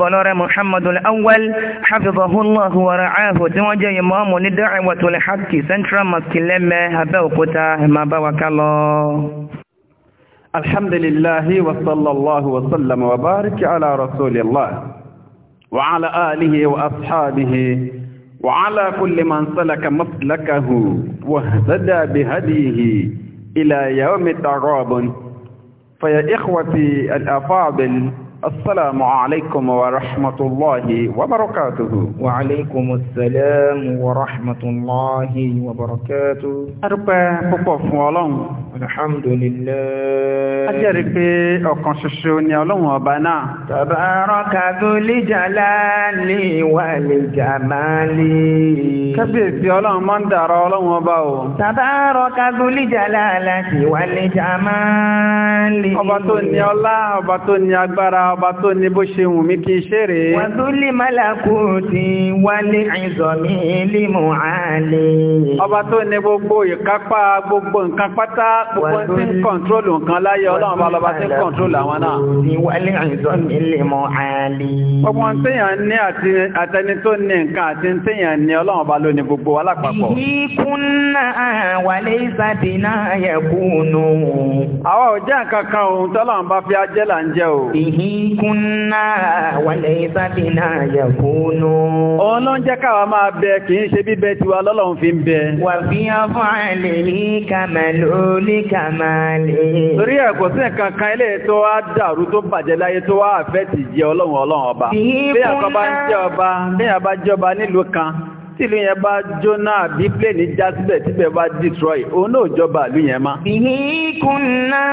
بلاره محمد الأول حفظه الله ورعاه توجه إمام الدعوة الحق سنترا مسكلمة هبوكتا ما بوك الله الحمد لله وصلى الله وسلم وبارك على رسول الله وعلى آله وأصحابه وعلى كل من سلك مسلكه واهتدى بهديه إلى يوم التغابن فيا إخوتي الأفاضل السلام عليكم ورحمة الله وبركاته وعليكم السلام ورحمة الله وبركاته أربع بقف ولون الحمد لله أجرب أقنششوني ولون وبنا تبارك ذو الجلال والجمال كبير ولون من دار ولون وباو تبارك ذو الجلال والجمال أبطن الله أبطن أكبر ọba tó ní bó ṣe wù mí kí n ṣe rè é. wọ́n tún lè mọ́làkù tí wálé ìzọ̀mí límù àlè. ọba tó ní gbogbo ìkápá gbogbo nǹkan pátá gbogbo tí ń kọ̀ntrólù nǹkan láyé ọlọ́run bá lọ́ba tí ń kọ̀ntrólù àwọn náà. tí wálé ìzọ̀mí límù àlè. gbogbo ń téèyàn ní àtẹni tó ní nǹkan kan ohun tọ́lọ́run bá fi ajẹ́ là ń jẹ́ o. ìhín كنا وليس بنا يكون ọlọ́n jẹ́ káwa máa bẹ kì í ṣe bíbẹ tiwa lọ́lọ́run fi ń bẹ. wà fi ọfọ àlè ní kàmàlì olè kàmàlì. torí ẹ kò sí nǹkan kan ilé tó wá dàrú tó bàjẹ́ láyé tó wá àfẹ́ tì ọlọ́run ọlọ́run ọba. bí àkọ́bá ń jẹ́ ọba bí àbájọba nílùú kan tílù yẹn bá jóná àbí pléènì já tíbẹ̀ bá destroy òun náà jọba ìlú yẹn má. bìí kùnà.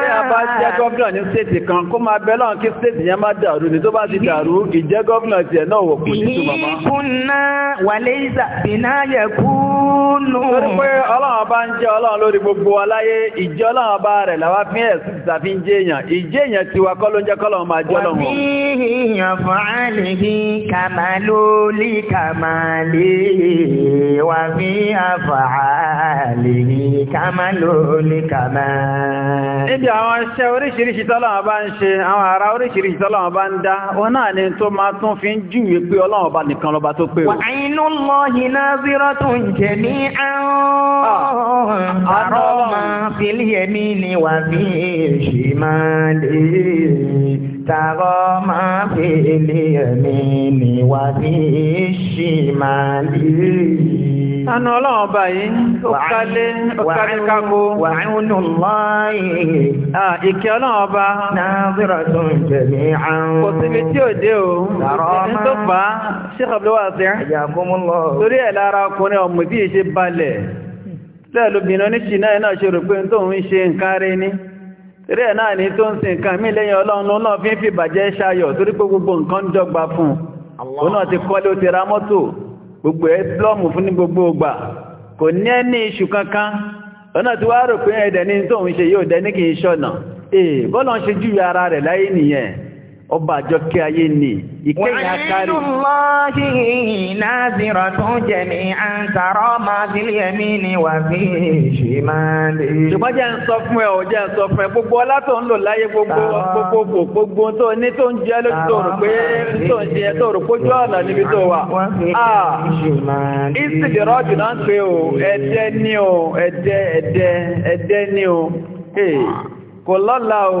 bí a bá jẹ́ gọ́vnà ní stéètì kan kó máa bẹ́ lọ́n kí stéètì yẹn má dàrú ni tó bá ti dàrú ìjẹ́ gọ́vnà tiẹ̀ náà wò kù ní tùmọ̀ mọ́. kùnà wàlẹ́ ìzà bìnà yẹ kúnnù. torí pé ọlọ́run bá ń jẹ́ ọlọ́run lórí gbogbo aláyé ìjẹ́ ọlọ́run bá rẹ̀ wàmí àfààlì kàmá lórí kàmá. níbi àwọn iṣẹ́ oríṣiríṣi tọ́lọ́wọ́ bá ń ṣe àwọn ara oríṣiríṣi tọ́lọ́wọ́ bá ń dá wọn náà ni tó máa tún fi ń júwèé pé ọlọ́wọ́ bá nìkan lọ́ba tó pé ah, fi lé ẹ̀mí ni wà fi èṣì máa tààrọ́ máa fèlè ẹ̀mí níwá ní ìṣìmàlì. Anú ọlọ́run ọba yìí, ó kálé, ó kálé kákó. Wà ń nù lọ́yìn. Ìkẹ́ ọlọ́run ọba. Nàbírọ̀ tó ń jẹ̀mí àrùn. Kò síbi tí ò dé o. Tààrọ́ máa. Ní tó fà á, Sheikh Abdul Wazir. Ẹ̀yà gómìnà. Torí ẹ̀ rẹ̀ náà ní tó ń sin nǹkan mí lẹ́yìn ọlọ́run náà fi ń fi bàjẹ́ ṣayọ̀ torí pé gbogbo nǹkan fún un náà ti kọ́lé ó ti mọ́tò gbogbo ẹ̀ fún ní gbogbo ọgbà kò ní ẹni iṣu kankan ọ̀nà tí wá rò pé ẹ̀dẹ̀ ní tóun ṣe yóò dẹ́ ní ee bọ́lọ́n ṣe ara rẹ̀ láyé nìyẹn ọba àjọ kí ayé ni ìké ìyá kárí. jẹ̀mí wà ṣùgbọ́n jẹ́ ń sọ fún ń sọ fún gbogbo ọlá tó ń lò gbogbo gbogbo gbogbo tó ní tó ń jẹ́ lójú tó rò pé tó ń jẹ́ tó rò pójú ọ̀nà níbi tó wà. náà ń ní ní kò lọ́la o.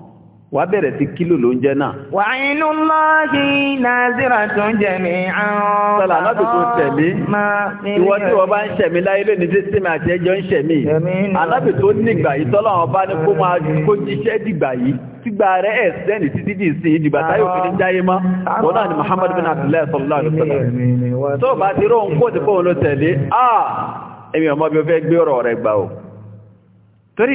wàá bẹ̀rẹ̀ sí kílò ló ń jẹ́ náà. wà inú lọ́ọ̀kì nàìjíríà tó ń jẹ̀mí àrùn. sọlá alábì tó tẹ̀mí ìwọ tí wọ́n bá ń ṣẹ̀mí láyé lónìí tí sèmi àti ẹjọ́ ń ṣẹ̀mí alábì tó nígbà yìí tọ́lá àwọn bá ní kó máa kó jíṣẹ́ dìgbà yìí tígbà rẹ̀ ẹ̀ sẹ́ni títí dì sí ìdìgbà táyọ̀ fi ní jáyé mọ́ wọn náà ni Muhammad bin Abdullahi sallallahu alaihi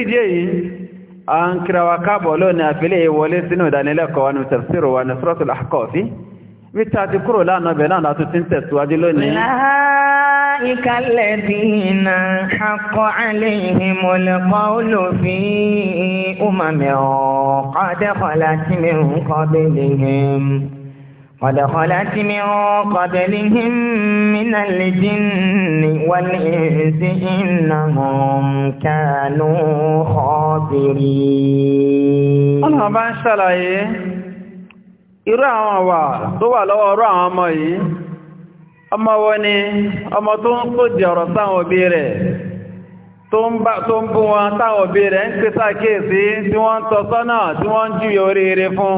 wasallam a ń kíra wa káàbọ̀ lónìí àfilé ìwọlé sínú ìdánilẹ́kọ̀ọ́ wa ní tafsiru wa ní suratul Ahqaf wíta ti kúrò lánàá bẹ̀ náà látún ti ń tẹ̀síwájú lónìí. أولئك قد خلت من قبلهم من الجن والإنس إنهم كانوا خاسرين الله bá ń ṣàlàyé irú àwọn àwà tó wà lọ́wọ́ ọ̀rọ̀ àwọn ọmọ yìí ọmọ wo ni ọmọ tó ń kó jẹ ọ̀rọ̀ sáwọn òbí rẹ̀ tó ń bú wọn sáwọn òbí rẹ̀ ń pèsà kéèsí tí wọ́n ń tọ́ sọ́nà tí wọ́n ń júyọ oríire fún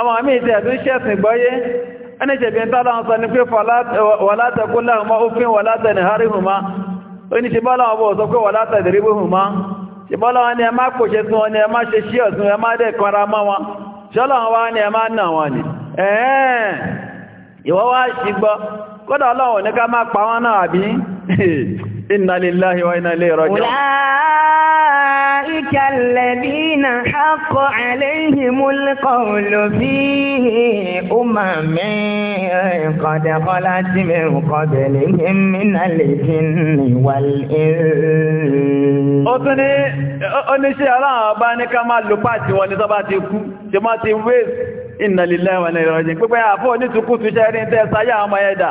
ọmọ mi ìtẹ̀ tó ṣẹ̀sìn gbọ́yé ẹni ṣẹ̀bí tọ́lá sọ ní pé wàlátẹ̀kú láhùnmá òfin wàlátẹ̀ ní bọ́lá ọbọ̀ sọ pé bọ́lá wọn ni ẹ má kò ṣe tún wọn ni ẹ má ṣe ṣí ọ̀tún ẹ má dẹ̀ kọra mọ́ wọn wọn ni ẹ má nà wọn ni inna lillahi wa inna ilayhi raji'un ulaika alladhina haqqa alayhimul qawlu fihi umamun qad khalat min qablihim min al-jinni wal insi ó tún ní oníṣẹ́ aláwọ̀ bá ní ká máa lò pàtí wọn ti kú ṣe máa ti wéèsì inna lillahi wa inna ilayhi raji'un pípẹ́ àfọ́ onítùkú tún ṣẹ́rin tẹ́ sáyà ọmọ ẹ̀dà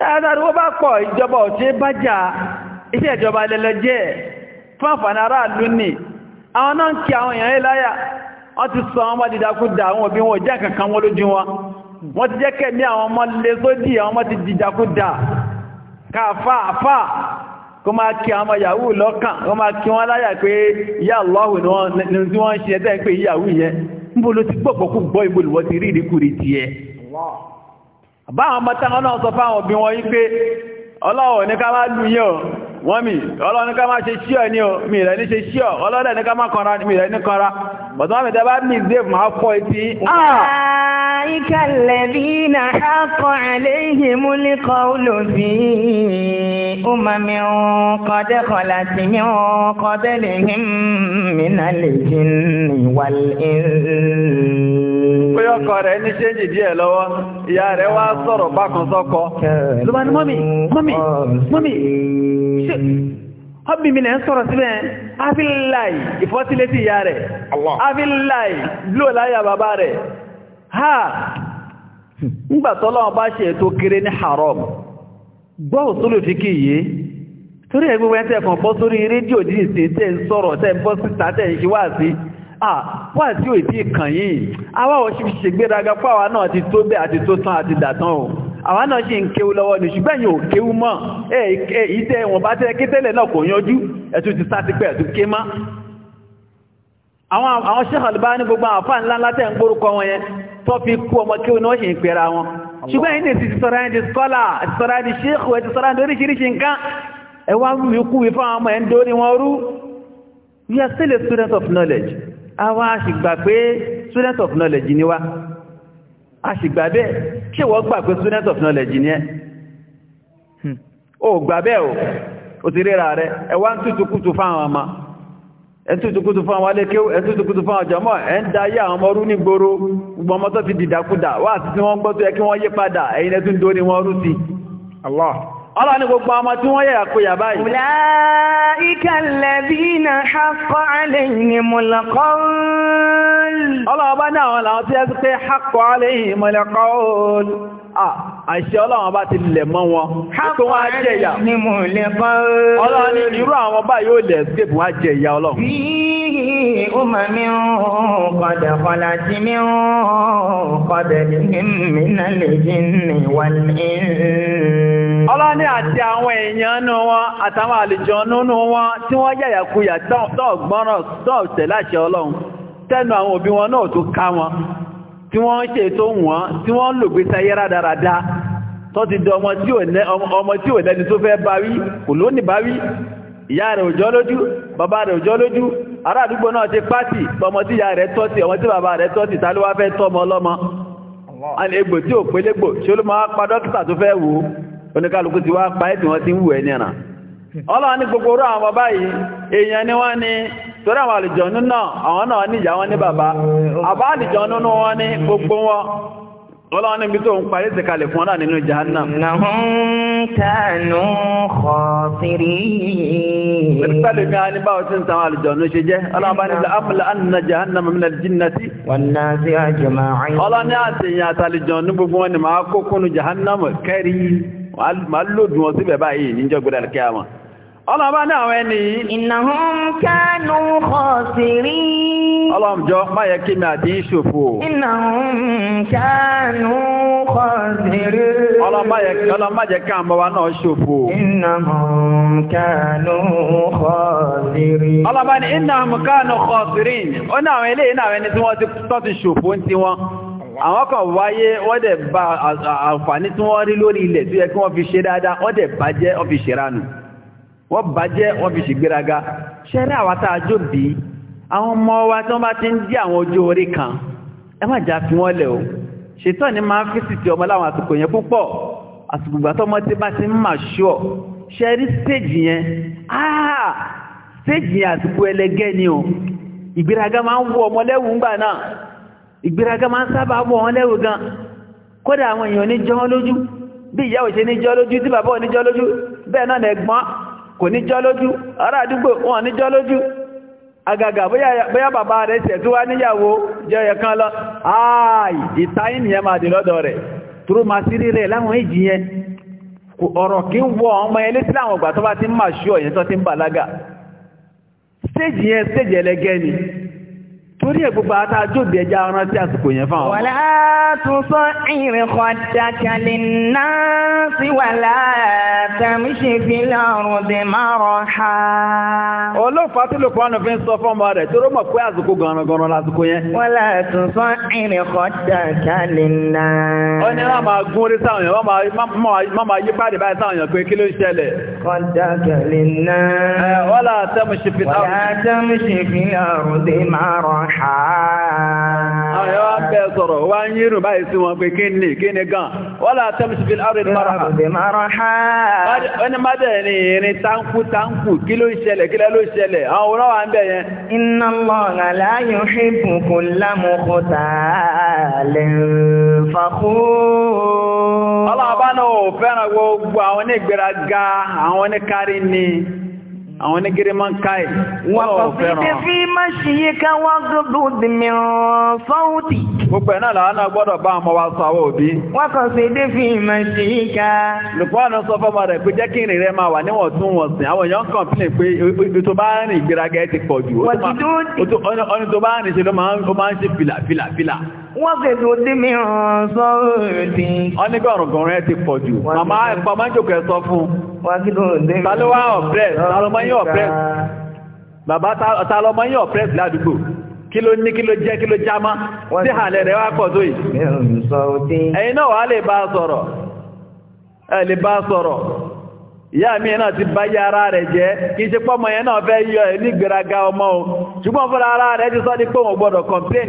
tààdàrúwó bá pọ̀ ìjọba ọ̀tí bájá iṣẹ́ ìjọba lẹ́lẹ́jẹ́ fún àǹfààní aráàlú lónìí àwọn náà ń kí àwọn èèyàn láyà wọ́n ti sọ ọmọ dìdakúdà àwọn òbí wọn jẹ́ kankan wọ́n lójú wọn wọ́n ti jẹ́ kẹ́mí àwọn ọmọ ti báwọn mọ́tàwọn náà sọ fáwọn òbí wọn wípé ọlọ́wọ̀ ní ká máa lù yín wọ́n mi ọlọ́wọ̀ ní ká máa ṣe ṣíọ̀ ní ọ mi rẹ̀ ní ṣe ṣíọ̀ ọlọ́dẹ̀ ní ká kọra bọ̀tán mi dábàá mi zèf máa fọ́ etí. Ìkà lẹ́bí na akọ̀ àléhìí mú ní kọ́ olóbi. Ó máa mi ń kọ́dẹ́ kọ́lá sí mi díẹ̀ lọ́wọ́, ìyá rẹ̀ wá sọ̀rọ̀ bákan sọ́kọ. Lọ́wọ́ ni mọ́mì, mọ́mì, mọ́mì, ọbí mi lẹ ń sọ̀rọ̀ síbẹ̀ afíláì ìfọ́sílétí ìyá rẹ̀ afíláì bló láyà bàbá rẹ̀ ha ńgbàtọ́lọ́wọ́ bá ṣe ètò kéré ní haram gbọ́ òsúlù fi kí yìí torí ẹgbẹ́ tẹ́ kan bọ́ sórí rédíò díìsì tẹ́ ń sọ̀rọ̀ tẹ́ ń bọ́ síta tẹ́ ń ṣe wá sí wá sí òìtí ìkàn yìí àwọn náà ṣe ń kéwú lọ́wọ́ ní ṣùgbọ́n yóò kéwú mọ́ ìtẹ́ wọn bá tẹ́ kétẹ́lẹ̀ náà kò yanjú ẹ̀tù ti sá ti pẹ́ ẹ̀tù ké má àwọn Sheikh Albani gbogbo àfà ńlá látẹ̀ ń gbórúkọ wọn yẹn tó fi kú ọmọ kéwú ni wọ́n ṣe ń pẹ̀ra wọn we are still a of knowledge àwa ṣìgbà pé of knowledge ni a sì gbà bẹ́ẹ̀ ṣé wọ́n gbà pé student of knowledge ni ẹ́ hmm. o gbà bẹ́ẹ̀ o o ti ríra rẹ ẹwà ń tútukútu fáwọn ọmọ ẹ̀tútukútu fáwọn alékéwò ẹ̀tútukútu fáwọn jọmọ́ ẹ̀ ń dayé àwọn ọmọ rú ní gboro gbọmọ́tọ́ ti dìdàkúdà wà àti tí wọ́n gbọ́ tó yẹ kí wọ́n yí padà ẹ̀yìn ẹ̀tún dóní wọn rú sí Allah Ọlọ́run ní gbogbo ọmọ tí wọ́n yẹ̀yà kó yà báyìí. Ulaika alladhina haqqa alayhimul qawl. Ọlọ́run bá ní àwọn làwọn tí ẹ àṣẹ ọlọ́run bá ti lẹ̀ mọ́ wọn tó wọ́n á jẹ ìyà ọlọ́run ní irú àwọn báyìí ó lẹ̀ escape á jẹ ìyà ọlọ́run. àti àwọn èèyàn nù wọn àtàwọn àlejò nínú wọn tí wọ́n yàyàkuyà tó gbọ́ràn tó ọlọ́run tẹ́nu àwọn òbí wọn náà tó ká wọn. tí wọ́n ń ṣe tó wọ́n tí wọ́n ń lò gbé sayé rádaràda tó ti di ọmọ tí ò lẹ́ni tó fẹ́ báwí kò lónìí báwí ìyá rẹ̀ òjọ́ lójú bàbá rẹ̀ òjọ́ lójú ará àdúgbò náà ti pàtì ọmọ tí ìyá rẹ̀ tọ́tì ọmọ tí bàbá rẹ̀ tọ́tì wá fẹ́ tọ́mọ ọlọ́mọ tí ò pélégbò ṣe ló máa pa dókítà tó fẹ́ wò ti wá pa tí wọ́n ti ń wù ẹ́ ọlọ́run ní gbogbo orú àwọn bàbá yìí èèyàn ni wọ́n torí àwọn àlùjọ̀nú náà àwọn náà níyà wọn ní bàbá àbá àlùjọ̀nú wọn ní gbogbo wọn ọlọ́wọ́n níbi tó ń parí ti kalẹ̀ fún ọ́nà nínú jahannam. Nàhún kánú kọ̀ọ̀tìrí. Pẹ̀lú mi a ní báwo tí ń tàwọn àlùjọ̀nù ṣe jẹ́, ọlọ́wọ́n bá ní láàmùlà ànà jahannam mílẹ̀ jinnati. Wọ́n náà ọlọ́ọ̀bá ní àwọn ẹni yìí innahum kanu khasirin ọlọ́ọ̀mjọ́ máyẹ kí mi àti ìṣòfò innahum kanu khasirin ọlọ́máyẹ ká àmọ́ wa náà ṣòfò innahum kanu khasirin ọlọ́ọ̀bá ní innahum kanu khasirin ó ní àwọn ilé iná àwọn ẹni tí wọ́n ti tọ́ ti ṣòfò ń ti wọn àwọn kan wáyé wọ́n dẹ̀ ba àǹfààní tí wọ́n rí lórí ilẹ̀ tó yẹ kí wọ́n fi ṣe dáadáa wọ́n dẹ̀ bàjẹ́ wọ́n fi wọ́n bàjẹ́ wọ́n fi ṣègbéraga ṣẹ́rẹ́ àwátá àjò bí àwọn ọmọ wa tí wọ́n bá ti ń dí àwọn ojú orí kan ẹ má jà fi wọ́n lẹ̀ o ṣètọ́ ni máa ń fi sìtì ọmọ láwọn àsìkò yẹn púpọ̀ àsìkò tọ́mọ tí bá ti ń mà ṣọ́ ṣẹ́rí stéèjì yẹn áà stéèjì yẹn àsìkò ẹlẹgẹ́ ni o ìgbéraga máa ń wọ ọmọ lẹ́wù ńgbà náà ìgbéraga máa ń sábà wọ ọmọ lẹ́wù gan kódà àwọn èèyàn ní lójú bí ìyá òṣè ní lójú tí bàbá ò lójú bẹ́ẹ̀ náà lẹ́gbọ́n kò ní jọ́ lójú ara àdúgbò wọn ní jọ́ lójú agagà bóyá bàbá rẹ̀ tẹ̀ tó wá níyàwó jẹyẹ kan lọ ààyè ìtayín nìyẹn máa dì lọ́dọ̀ rẹ̀ tóró máa sí rí rẹ̀ láwọn èjì ọ̀rọ̀ kí ń wọ ọmọ ẹlé sí tó bá ti ń máa ṣú ọ̀yẹ́ tó ti ń yẹn ni torí ẹ̀ gbogbo àtà àjòbí ẹja ọ̀rán tí àsìkò yẹn fáwọn. wọ́n látún sọ ìrìn kọjá kalẹ̀ náà sí wà látàmí ṣe fi lọ́rùn dè máa rọ̀ ha. olóòfà tí lóòfà ọ̀nà fi ń sọ fún ọmọ rẹ̀ tó rọ́ mọ̀ pé àsìkò gànàgànà lásìkò yẹn. wọ́n látún sọ ìrìn kọjá kalẹ̀ náà. ó ní wọ́n máa gún orí sáwọn yẹn wọ́n máa yí pàdé báyìí sáwọn yẹn pé kí ló ń ṣẹlẹ̀. kọjá kalẹ̀ náà. wọ́n látàmí ṣe ha. Àwọn ẹwà ń bẹ sọ̀rọ̀, wá ń yírùn báyìí sí wọn pé kí ni, kí ni gan. Wọ́n là sí fil arìnrìn mara ha. mada ni máa bẹ̀rẹ̀ ní irin táǹkù táǹkù, kí ló ń ṣẹlẹ̀, kí ló ṣẹlẹ̀, àwọn òun wà ń bẹ̀ yẹn. Inna Allaha la yuhibbu kulla mukhtalin fakhur. Ọlọ́ọ̀bá náà ò fẹ́ràn gbogbo àwọn onígbéraga, àwọn oníkárí ni àwọn ní gírí máa ń ká wọ́n ò fẹ́ràn. wọ́n fi máa ṣe yé ká wá gbogbo dìmìíràn fọ́wùtì. gbogbo ẹ̀ náà làwọn gbọ́dọ̀ bá ọmọ wa sọ òbí. wọ́n kàn sí dé fi máa ṣe yé ká. lùpọ́ọ̀nù sọ fọ́mọ rẹ̀ pé jẹ́ kí ìrìn rẹ̀ máa wà níwọ̀ntúnwọ̀nsìn àwọn èèyàn kọ̀ǹpìlẹ̀ pé ibi tó bá rìn ìgbéraga ẹ̀ ti pọ̀ jù. wọ́n ti dúró wọ́n fèsò tí mi ràn sọ́rọ̀ tí. wọ́n ní gọ̀rùngọ̀rùn ẹ ti pọ̀ jù màmá ẹ̀pọ̀ máa ń jòkó ẹ sọ fún un ta ló wá ọ̀pẹ́s ta ló mọ́yìn ọ̀pẹ́s bàbá ta ló mọ́yìn ọ̀pẹ́s ládùúgbò kí ló ní kí ló jẹ́ kí ló já má sí àlẹ́ rẹ̀ wá pọ̀ tó yìí. ẹ̀yin ìyá mi náà ti bá yá ara rẹ̀ jẹ́ kí ṣe pọ́mọ yẹn náà fẹ́ yọ ẹ̀ ní gbéraga ọmọ o ṣùgbọ́n fúnra ara rẹ̀ ti sọ pé òun gbọ́dọ̀ complain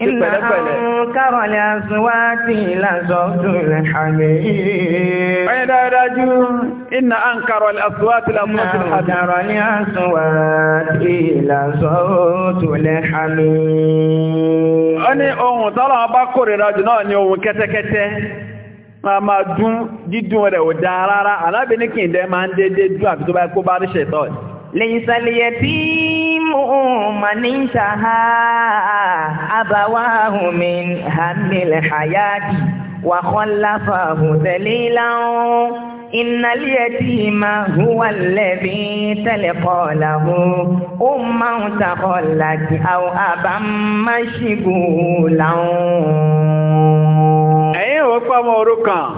Inna ankara li aswati la sawtul hamir. Ọyẹ́ dáadájú, inna ankara li aswati la sawtul hamir. Inna ankara li aswati la sawtul hamir. Ó ní ohun tọ́lọ̀ ọba kórìíra jù náà ni ohun kẹ́tẹ́kẹ́tẹ́ máa máa dún dídún rẹ̀ ò dáa rárá alábìnrin kìí dẹ́ máa ń dédé dún àfi tó bá kó bá rí ṣètọ́ من انتهى أبواه من هم الحياة وخلفه ذليلا إن اليتيم هو الذي تلقى له أما تخلت أو أبا مشغولا أيوة فموركا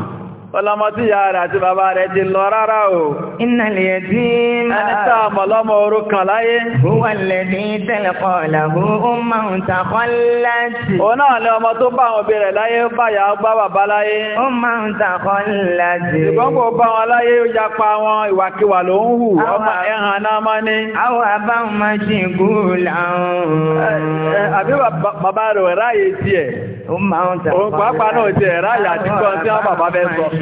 ọlọ́mọ tí ya rẹ̀ àti bàbá rẹ̀ ti lọ rárá o. iná lè tí máa ẹni tá a mọ̀ lọ́mọ òrukàn láyé. wúwà lè ní tẹ́lẹ̀kọ́ làbú ó máa òun náà ya pa wọn ìwàkiwà ló ń hù ọmọ ẹ̀hàn náà máa ní. àwọn àbá wọn máa ṣe gúúlà àbí bàbá rẹ̀ ráyè tiẹ̀. ó máa ń takọ́ láti.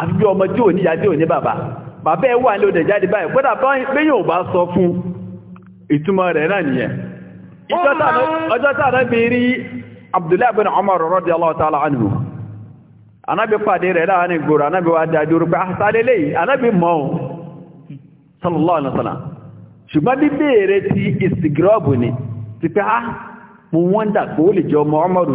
àbíbí ọmọ tí ò níyà tí ò ní bàbá bàbá ẹ wà ní òdẹ̀ jáde báyìí kódà bẹ́yìn ò bá sọ fún ìtumọ̀ rẹ̀ náà nìyẹn ọjọ́ tààrà bí rí Abdullahi bin Umar radiyallahu ta'ala anhu anábi pàdé rẹ̀ láàrin gbòrò anábi wà dájú rúgbà sálélé ah, anábi mọ́ sallallahu alaihi wasallam ṣùgbọ́n bí béèrè ti ìsìgírọ́bù ni ti pé á mú wọ́n dà kó lè jọ ọmọ Umaru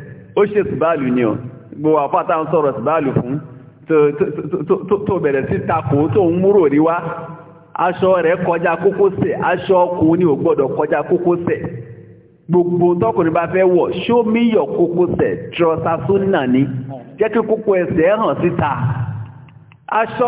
ó ṣe ṣùgbàlù ni ọ gbogbo àpáta ń sọ̀rọ̀ ṣùgbàlù fún tó bẹ̀rẹ̀ sí takò tó ń múrò rí aṣọ rẹ̀ kọjá kókósẹ̀ aṣọ ò gbọ́dọ̀ kọjá kókósẹ̀ gbogbo tọkùnrin bá fẹ́ wọ̀ ṣó míyọ̀ kókósẹ̀ ni jẹ́ kí kókó ẹsẹ̀ aṣọ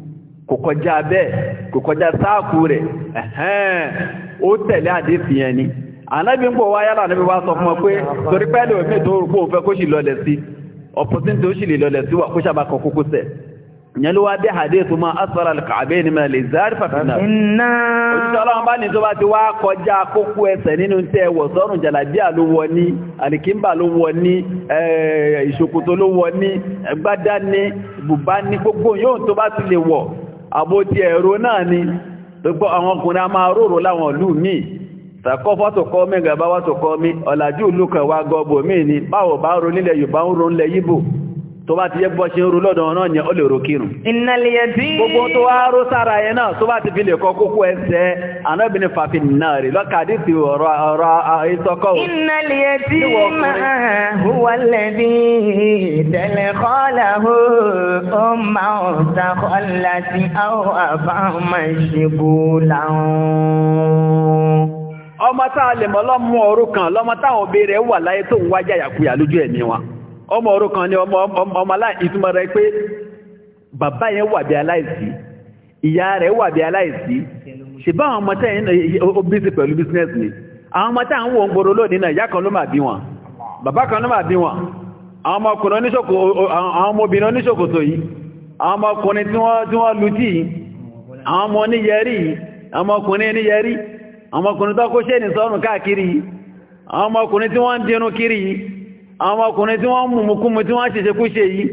kò kọjá bẹ́ẹ̀ kò kọjá sáàkù rẹ̀ ẹ̀hẹ́n ó tẹ̀lé àdéfì yẹn ni ànábì ń pọ̀ wá yálà níbi wá sọ fún ọ pé torí pẹ́lú òfin tó rúgbó òfẹ́ kó sì lọlẹ̀ sí opportunity ó sì lè lọlẹ̀ sí wà kó sábà kọ kókó sẹ̀ ìyẹn ló wá dé hadith ma asfara al-ka'bayn min al òṣìṣẹ́ ọlọ́run bá ní tó bá ti wá kọjá kókó ẹsẹ̀ nínú tẹ́ wọ̀ sọ́rùn jàlàbíà ló wọ ní alikimba ló wọ ní ìṣòkòtò ló wọ ní gbádá bùbá ní gbogbo yóò tó bá ti lè wọ̀ àbótí ẹ̀rọ náà ni tó pọ́ àwọn ọkùnrin a máa róró láwọn ìlú míì sàkọ́fọ́ tó kọ́ mí gàbáwá ọ̀làjú ìlú kan wá gọ́bò ni báwo bá ro nílẹ̀ Yorùbá ń ro nílẹ̀ yíbò tó bá ti yẹ bọ́ ṣe ń rú lọ́dọ̀ náà ni ó lè rò kírùn. ìnàlẹ̀yẹ̀dí gbogbo tó wá rú sára ẹ̀ náà tó bá ti fi lè kọ kókó ẹsẹ̀ anábìnrin fàfin náà rí lọ́kàdí sí ọ̀rọ̀ ìsọkọ̀ ìnàlẹ̀yẹ̀dí máa huwa lẹ́bí ìdẹ̀lẹ̀ kọ́lá hó ó máa ọ̀tàkọ́ láti àwọn àbámọ̀ ìṣègbò láwọn ọmọ táa lè mọ́ lọ́mọ òrukàn lọ́mọ táwọn òbí rẹ̀ wà láyé tó ń wájà yàkuyà lójú ẹ̀mí wọn ọmọ kan ni ọmọ ìtumọ̀ rẹ̀ pé bàbá yẹn wà bí aláìsí ìyá rẹ̀ wà bí aláìsí ṣùgbọ́n àwọn ọmọ tẹ́yìn ó pẹ̀lú bísínẹ́sì ni àwọn ọmọ tẹ́yìn àwọn òǹgbòrò lónìí náà ìyá kan ló máa bí wọn bàbá kan ló máa bí wọn àwọn ọmọbìnrin oníṣòkòtò yìí àwọn ọmọkùnrin tí wọ́n lu tí àwọn ọmọ ọmọkùnrin ọmọkùnrin tó kó káàkiri ọmọkùnrin tí àwọn ọkùnrin tí wọ́n mú mú tí wọ́n ṣeṣe kú ṣe yìí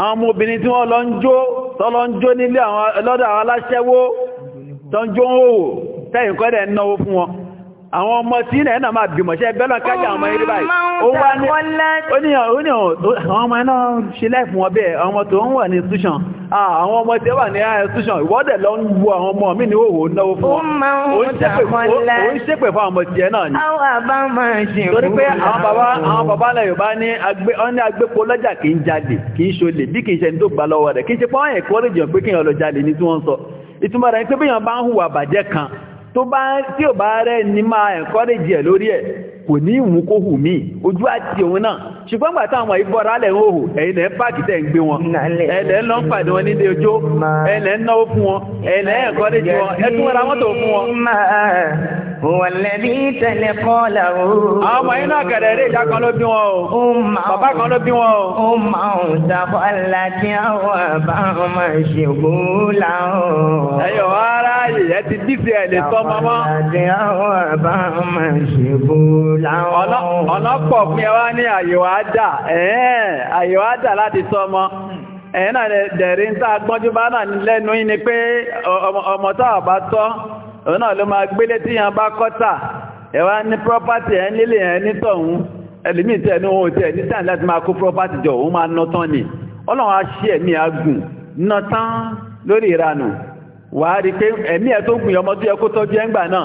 àwọn ọmọbìnrin tí wọ́n lọ ń jó tọ́lọ ń jó nílé àwọn ẹlọ́dà aláṣẹ́wó tọ́njó ń hòwò tẹ́yìnkọ́dẹ̀ náwó fún wọn àwọn ọmọ tí ilẹ̀ náà máa bímọ ṣe bẹ́lọ̀ kájà ọmọ eré báyìí ó wá ní oníyàn àwọn ọmọ iná ṣe láìfún wọn bẹ́ẹ̀ ọmọ tó ń wà ní ṣúṣàn àwọn ọmọ tí ó wà ní ṣúṣàn ìwọ́dẹ̀ lọ ń wo àwọn ọmọ mi ní òwò náwó fún wọn ó ń ṣépè fún ọmọ tiẹ̀ náà ni torí pé àwọn bàbá náà Yorùbá ní agbépo bí kì í ṣe ní tó gbà tó bá tí ò bá rẹ̀ ní máa encourage ẹ̀ lórí ẹ̀ kò ní ìmú kó hù mí ojú àti òun náà ṣùgbọ́n gbà táwọn ìbọra alẹ̀ ń hòhò ẹ̀yìn ẹ̀ ń gbé wọn ẹ̀lẹ́ ń lọ ń pàdé wọn nílé ojó ẹ̀lẹ́ ń náwó fún wọn ẹ̀lẹ́ ẹ̀kọ́ lè jẹ wọn ẹ̀tún ra fún wọn. wọ̀lẹ́bí tẹ̀lé kọ́ là àwọn ọmọ yín náà kẹ̀rẹ̀ eré kan ló bí wọn o bàbá kan ló bí wọn o. ó máa ń sàkọ́ aláàtí àwọn àbá ọmọ ìṣègùn ọ̀nà pọ̀ fún ẹwà ní àyèwà ẹ̀ẹ́n láti sọ ọmọ ẹ̀yìn náà dẹ̀rí ń tá gbọ́njú bá náà lẹ́nu yìí pé ọmọ táà bá tọ́ òun náà ló máa gbélé tí yàn bá kọ́tà ẹwà ní property ẹ̀ nílé ẹ̀ nítọ̀hún ẹlòmíì tẹ̀ ní ohun á rí pé ẹ̀mí ẹ̀ tó gùn ọmọ tó tọ́jú ẹ̀ náà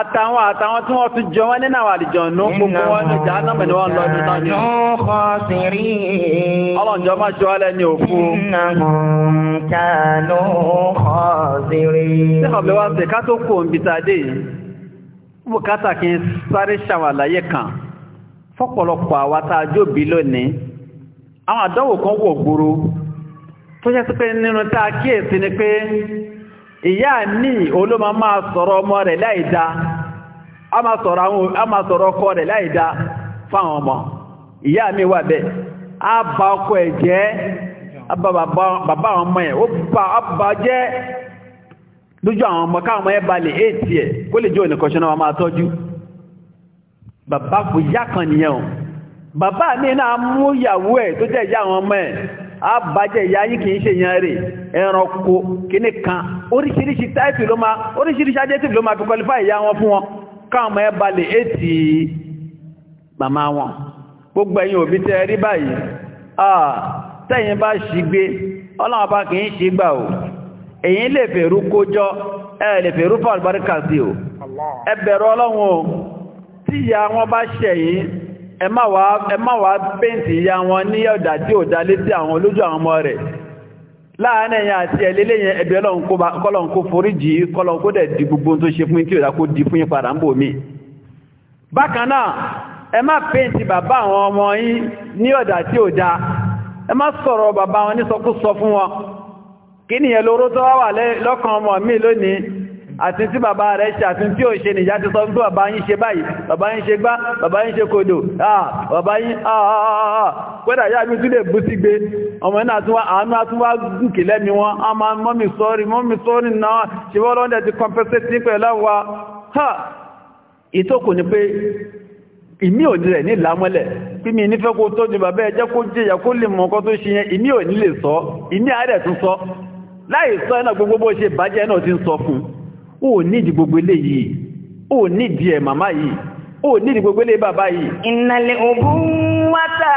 àtàwọn àtàwọn tí wọ́n tún jọ wọ́n nínú àwọn àlìjọ̀nú gbogbo wọn ní jahannam ni wọ́n lọ ní ọlọ́njọ́ ní òkú sí ká tó kò ń bita dé yìí fọ́pọ̀lọpọ̀ àwa tá lónìí àwọn àdánwò kan wọ̀ gbòòrò tó yẹ sí pé nínú tá a kíyèsí ni pé ìyá ní olóma máa sọ̀rọ̀ ọmọ rẹ̀ láìdá a máa sọ̀rọ̀ ọkọ rẹ̀ láìdá fáwọn ọmọ ìyá mi wà bẹ́ a bá ọkọ ẹ̀ jẹ́ bàbá ọmọ ẹ̀ ó bá jẹ́ lójú àwọn ọmọ káwọn ẹ balẹ̀ èèdì ẹ̀ kó lè àbájẹ́ ìyá yìí kìí ṣe yẹn rè ẹranko kìíní kan oríṣiríṣi táìtì ló máa oríṣiríṣi ajẹ́tì ló máa fi kọlifá ìyá wọn fún wọn káàmù ẹ balẹ̀ ètì màmá wọn gbogbo ẹ̀yin òbí tẹ́ rí báyìí tẹ́yìn bá ṣígbé ọlọ́wọ́ bá kìí ṣígbà ò èyí lè ẹ má wá pẹ́ǹtì ìyá wọn ní ọ̀dà tí ò dá létí àwọn olójú àwọn ọmọ rẹ̀ láàárín ẹ̀yà àti ẹ̀lélé yẹn ẹ̀bẹ̀ ọlọ́run kó foríjì kọlọ́run kó dẹ̀ di gbogbo tó ṣe fún tí ò dá kó di fún yín padà ń bò mí bákan náà ẹ má pẹ́ǹtì bàbá àwọn ọmọ yín ní ọ̀dà tí ò dá ẹ sọ̀rọ̀ bàbá wọn ní sọkúsọ fún wọn kí nìyẹn lóró tó wà lọ́kàn ọmọ mi lónìí àti tí bàbá rẹ̀ ṣe àti tí ò ṣe nìyá ti sọ fún bàbá ṣe báyìí bàbá ṣe gbá bàbá yín ṣe kodò bàbá pẹ́dà yá mi tún lè bú sí gbé ọmọ iná àtúnwá gùnkì lẹ́mi wọn a máa mọ́mí sọ́rí mọ́mí sọ́rí náà ṣe wọ́n lọ́ndẹ̀ ti compensate ní wa ha ìtókù ni pé ìmí ò ní rẹ̀ mi na ẹ̀nà ṣe ó nídi gbogbo eléyìí ó nídi ẹ̀ màmá yìí ó nídi gbogbo eléyìí bàbá yìí. ìnàlẹ̀ òbú wáta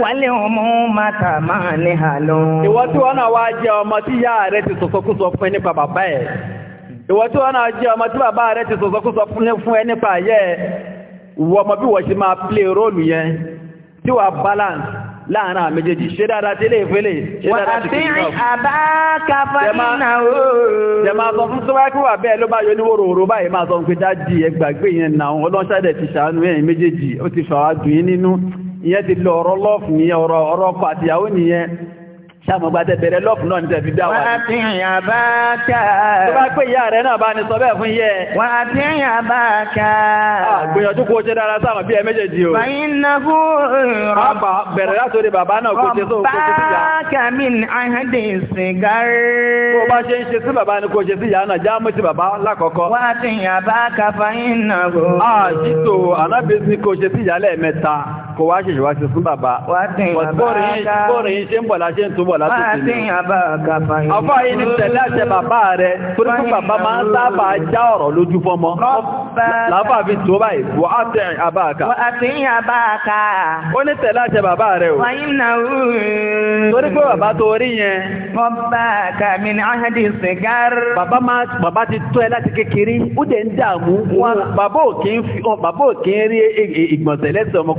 wálé ọmọ màtà máa ní àlọ́. ìwọ tí wọn náà wá jẹ ọmọ tí ìyá rẹ ti sọsọkúsọ fún nípa bàbá ẹ ìwọ tí náà jẹ ọmọ tí bàbá rẹ ti sọsọkúsọ fún nípa ayẹ ìwọ ọmọ bí wọ́n ṣe máa pílé róòlù yẹn tí wà balance láàrin àwọn méjèèjì ṣe dáadáa tí lè fẹ́lẹ̀ ṣe dáadáa tí kìí náà àbákafa nínà ooo jẹ máa sọ fún síwájú wà sáàmù gbàtẹ bẹ̀rẹ̀ lọ́pù náà ní tẹ̀fi dá wa. wà á ti yàn bá ká. tó bá pé ìyá rẹ̀ náà bá ní sọ bẹ́ẹ̀ fún yẹ. wà á ti yàn bá ká. gbìyànjú kó o ṣe dára sáàmù bí ẹ méjèèjì o. fàyín na kú rọ. àbá bẹ̀rẹ̀ látòrí bàbá náà kó o ṣe sóhun kó o ṣe síyá. bá kàmí àhádé sìgárì. tó bá ṣe ń ṣe sí bàbá ni kó o ṣe síyá náà já mú sí bàbá lákọ̀ọ́kọ́. wà á ti yàn bá ká fàyín na kú. àjító anábìsí kó o ṣe síyá lẹ́ẹ̀mẹ́ta kó wá ṣèṣ bọ̀ látòkè ní. Ọfọ yìí ni tẹ̀lé àṣẹ bàbá rẹ̀ torí fún bàbá máa ń sábà já ọ̀rọ̀ lójú fọmọ. Láfà fi tó báyìí, wà á tẹ̀ àbáàkà. Wà á fi àbáàkà. Ó ní tẹ̀lé àṣẹ bàbá rẹ̀ o. Wàyí nà ó. Torí pé bàbá tó rí yẹn. Bàbáàkà mi ni ọ̀hẹ́dì sìgárì. Bàbá bàbá ti tó ẹ láti kékeré, ó dẹ̀ ń dààmú. Bàbá ò kí ń rí e, e, ìgbọ̀nsẹ̀ lẹ́sẹ̀ ọmọ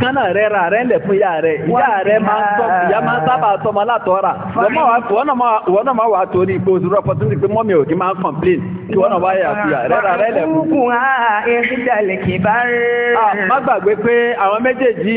bákan rẹ ra rẹ ń lẹ̀ fún ìyá rẹ ya rẹ máa ń sọ ya máa ń sábà sọmọ látọ̀ọ́ra wọ́n náà máa wà tó ní ipò òṣùrọ̀ opportunity pé mọ́mí ò kí máa ń complain kí náà wáyé àfihàn rẹ ra rẹ lẹ̀ fún. ọkùnkùn á èsì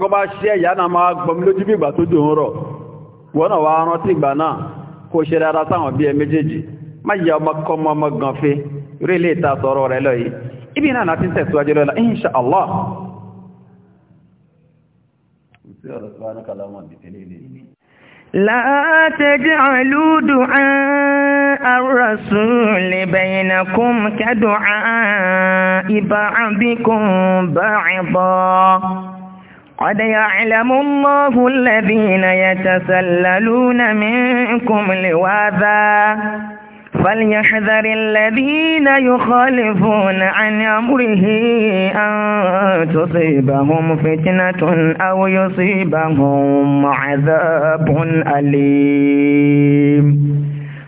kọ̀kọ́ bá ṣẹ́ ìyá náà máa gbọm lójú bí ìgbà tó dùn rọ̀ wọ́n náà wá rántí ìgbà náà kó ṣe dára sáwọn bí ẹ má yẹ ọmọ ọmọ gan fi ìta sọ̀rọ̀ rẹ̀ lọ لا تجعلوا دعاء الرسول بينكم كدعاء بعضكم بعضا قد يعلم الله الذين يتسللون منكم لواذا فليحذر الذين يخالفون عن أمره أن تصيبهم فتنة أو يصيبهم عذاب أليم